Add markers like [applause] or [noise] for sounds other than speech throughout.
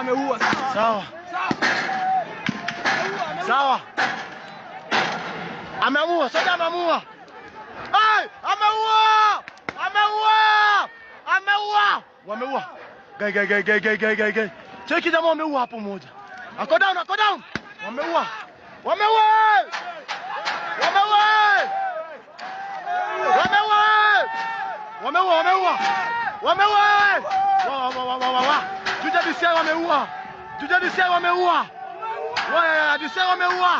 ameua. Sawa. Sawa. Ameamua, soda ameamua. Hey, ameua! Ameua! Ameua! Wameua. Gai gai gai gai gai gai gai gai. Cheki jamaa wameua hapo moja. Ako ah, down, ako ah, down. Wameua. Wameua! Wameua! Wameua! Wameua, wameua. wameua wameua eh? judadisia wameua judadisia wameua disia wameua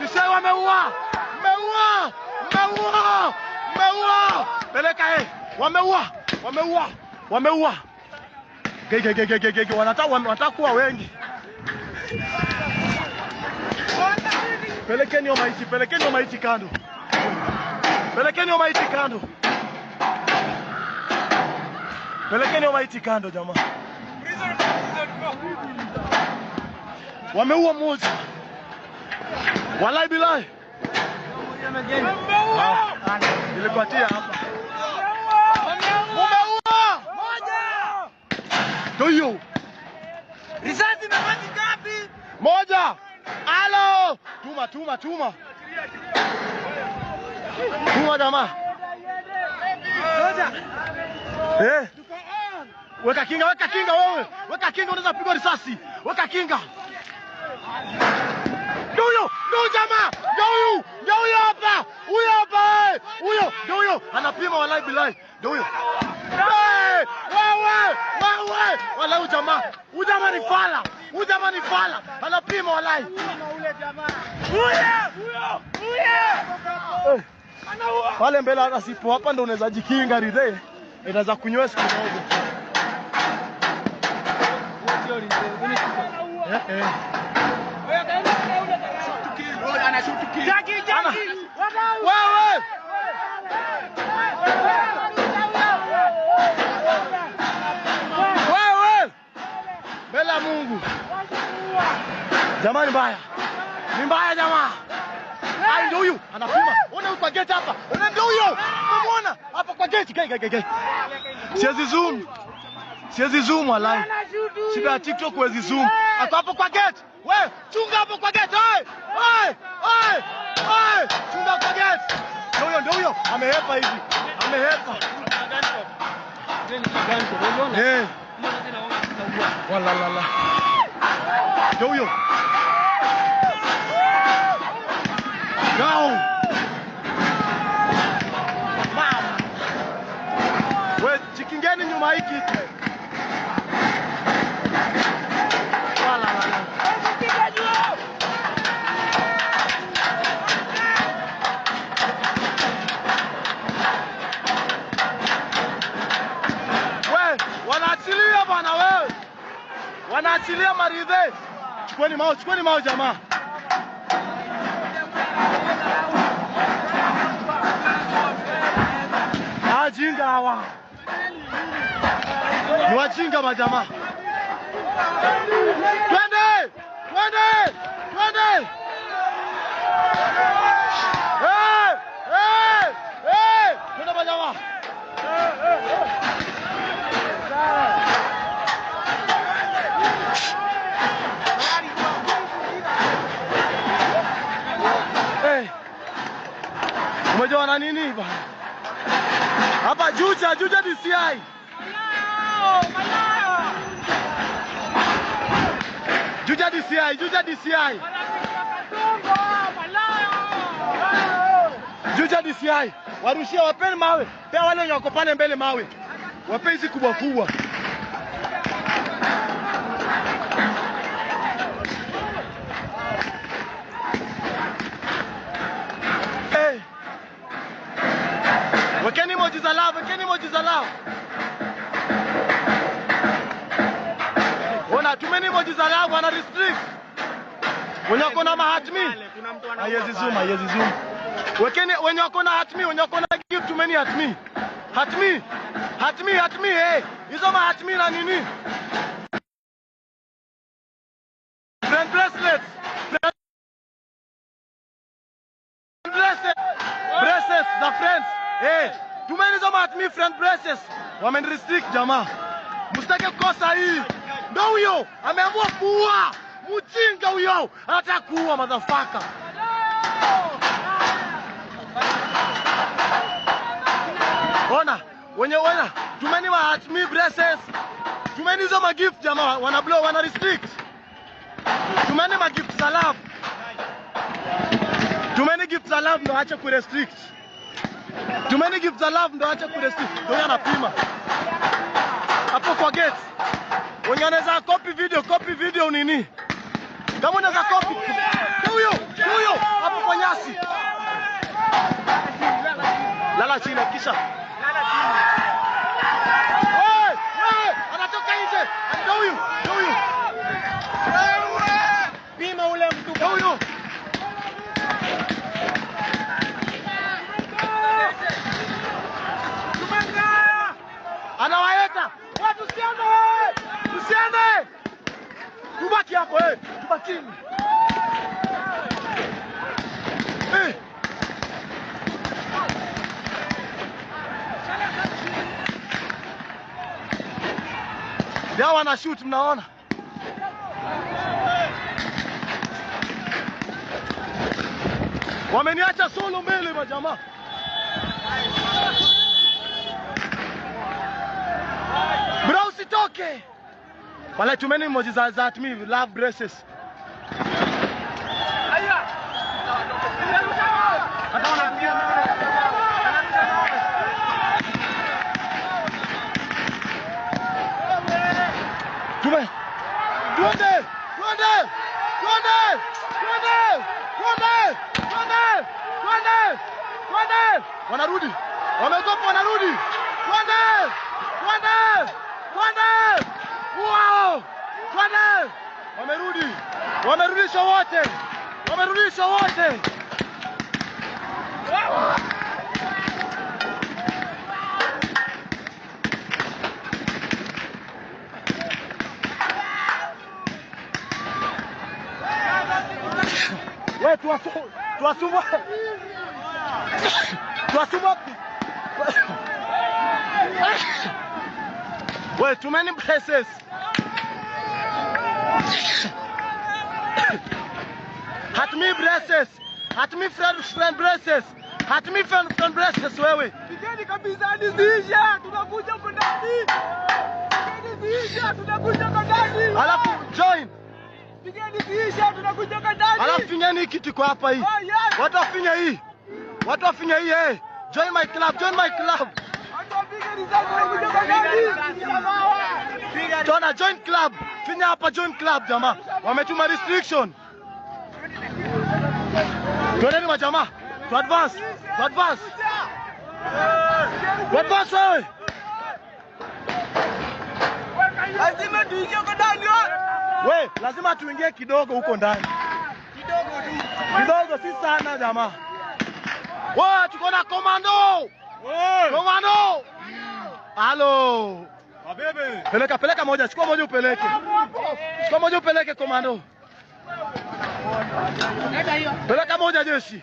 disia wameua meua meua meua peleka e wameua wameua wameua gegegegegege wanataka kuwa wengi pelekeni yo maiti pelekeni yo maiti kando pelekeni yo maiti kando Pelekeni maiti kando jamaa. Wameua mmoja. Walai bilai. Ah, Nilikuatia hapa. Mumeua moja. Toyo. Risasi na maji ngapi? Moja. Alo. Tuma tuma tuma. Tuma jamaa. Moja. Eh. Weka kinga, weka kinga wewe. Weka kinga unaweza pigwa risasi. Weka kinga. Ndio huyo, ndio jamaa. Ndio huyo, ndio huyo hapa. Huyo hapa. Eh. Huyo, ndio huyo. Anapima wallahi bilahi. Ndio huyo. Wewe, wewe. Wala huyo jamaa. Huyo jamaa ni fala. Huyo jamaa ni fala. Anapima wallahi. Ule jamaa. Huyo, huyo. Huyo. Eh. Pale mbele asipo hapa ndio unaweza jikinga ridhe. Inaweza kunyoa siku moja. Mbele ya Mungu jamani, mbaya ni mbaya jamaa. Ai, ndio huyu anafuma. Ona huyu kwa geti hapa, ona ndio huyo, umemuona hapa kwa geti. Siwezi zoom Siwezi zoom walai. Shida ya TikTok huwezi zoom. Ako hapo kwa gate. We, chunga hapo kwa gate. Oi! Oi! Oi! Oi! Chunga kwa gate. Ndio huyo, ndio huyo. Amehepa hivi. Amehepa. Eh. Wala la la. Ndio huyo. Down. Mama. We, chikingeni nyuma hiki. 马，处理马，咋嘛？啊，真家伙！你真他妈咋嘛？喂！喂！喂！hapa Juja, Juja DCI. Juja DCI, Juja DCI. Juja DCI. Warushia wapeni mawe. Pea wale wenye wako pale mbele mawe. Wapeni hizi kubwa kubwa. Wekeni moji za lao, wekeni moji za lao. Ona tumeni moji za lao bwana restrict. Wenye wako na mahatmi. Hayezi ah, zoom, hayezi zoom. Wekeni wenye wako na hatmi, wenye wako na gift tumeni hatmi. Hatmi. Hatmi, hatmi eh. Hizo mahatmi na nini? Brand bracelets. Brand bracelets. Bracelets za friends. Eh, tumeni zoma at me friend braces. Wamen Wamenirestrict jamaa. Msitake kukosa hii. Ndio huyo ameamua kuua. Mjinga huyo anataka kuua motherfucker. Ona, wenye ona, tumeni wa at me braces. Tumeni hizo gift jama, wana blow, wana restrict. Tumeni magift salaf. Tumeni gift salaf ndo acha kurestrict. Someni give the love ndo ache kuresti. Ndo anapima. Hapo kwa gate. Wenye anaweza copy video, copy video nini? Kama unaweza copy. Huyo, huyo hapo kwa nyasi. Lala chini kisha. Lala chini. Hey, hey, yako eh, makini Dawa na shoot mnaona? Wameniacha solo mbele majamaa. Wala too many emojis are at me love braces. Wanarudi. wanarudi wao Twende! Wamerudi. wamerudisha wote. wamerudisha wote. Wow! We, tuwasumbue [coughs] tuwasumbue tuwasumbue We tumeni blesses. Hatumi Hat me friend friend blesses. Hatumi friend friend blesses wewe. Pigeni kabisa hadi ziisha. Tunakuja huko ndani. Pigeni ziisha, tunakuja huko ndani. Alafu join. Pigeni ziisha, tunakuja huko ndani. Alafu finyeni kiti kwa hapa hii. Oh, Watu wafinye hii. Watu wafinye hii eh. Join my club, join my club. Tona join club. Finya hapa join club jamaa. Wametuma restriction. Twendeni majamaa. Tu advance. Tu advance. Tu advance wewe. Lazima tuingie huko ndani. We, lazima tuingie kidogo huko ndani. Kidogo tu. Kidogo si sana jamaa. Wewe tuko na komando. Romano! Alô! peleca peleca moja, chukua moja upeleke. Chukua moja upeleke komando. Peleka moja jeshi.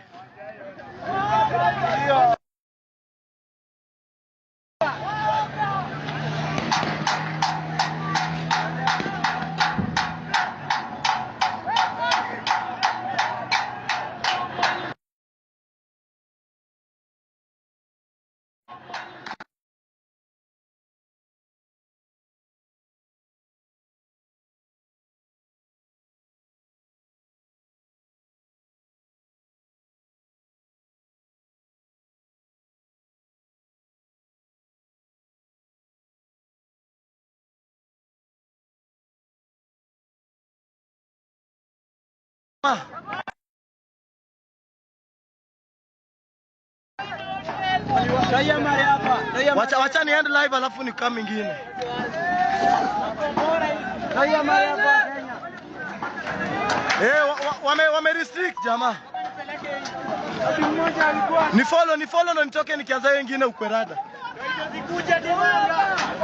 Mama. Wacha wacha niende live alafu ni kama mingine. Raia eh, wame wame restrict jamaa. Ni follow ni follow ndo nitoke nikianza wengine ukwerada.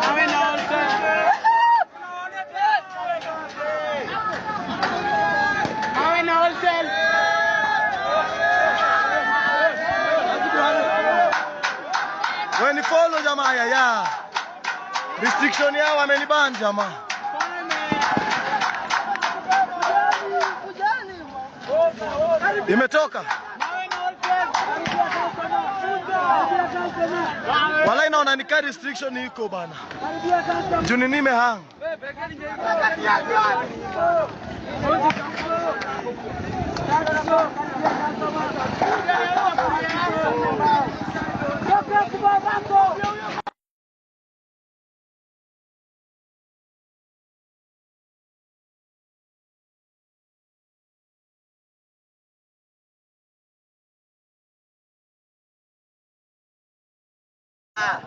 Awe na all Mnanifolo jamaa ya ya. Restriction yao ameniban jamaa. Imetoka. Wala inaona nika restriction iko bana. Juni nime hang. 别说话，大哥。啊。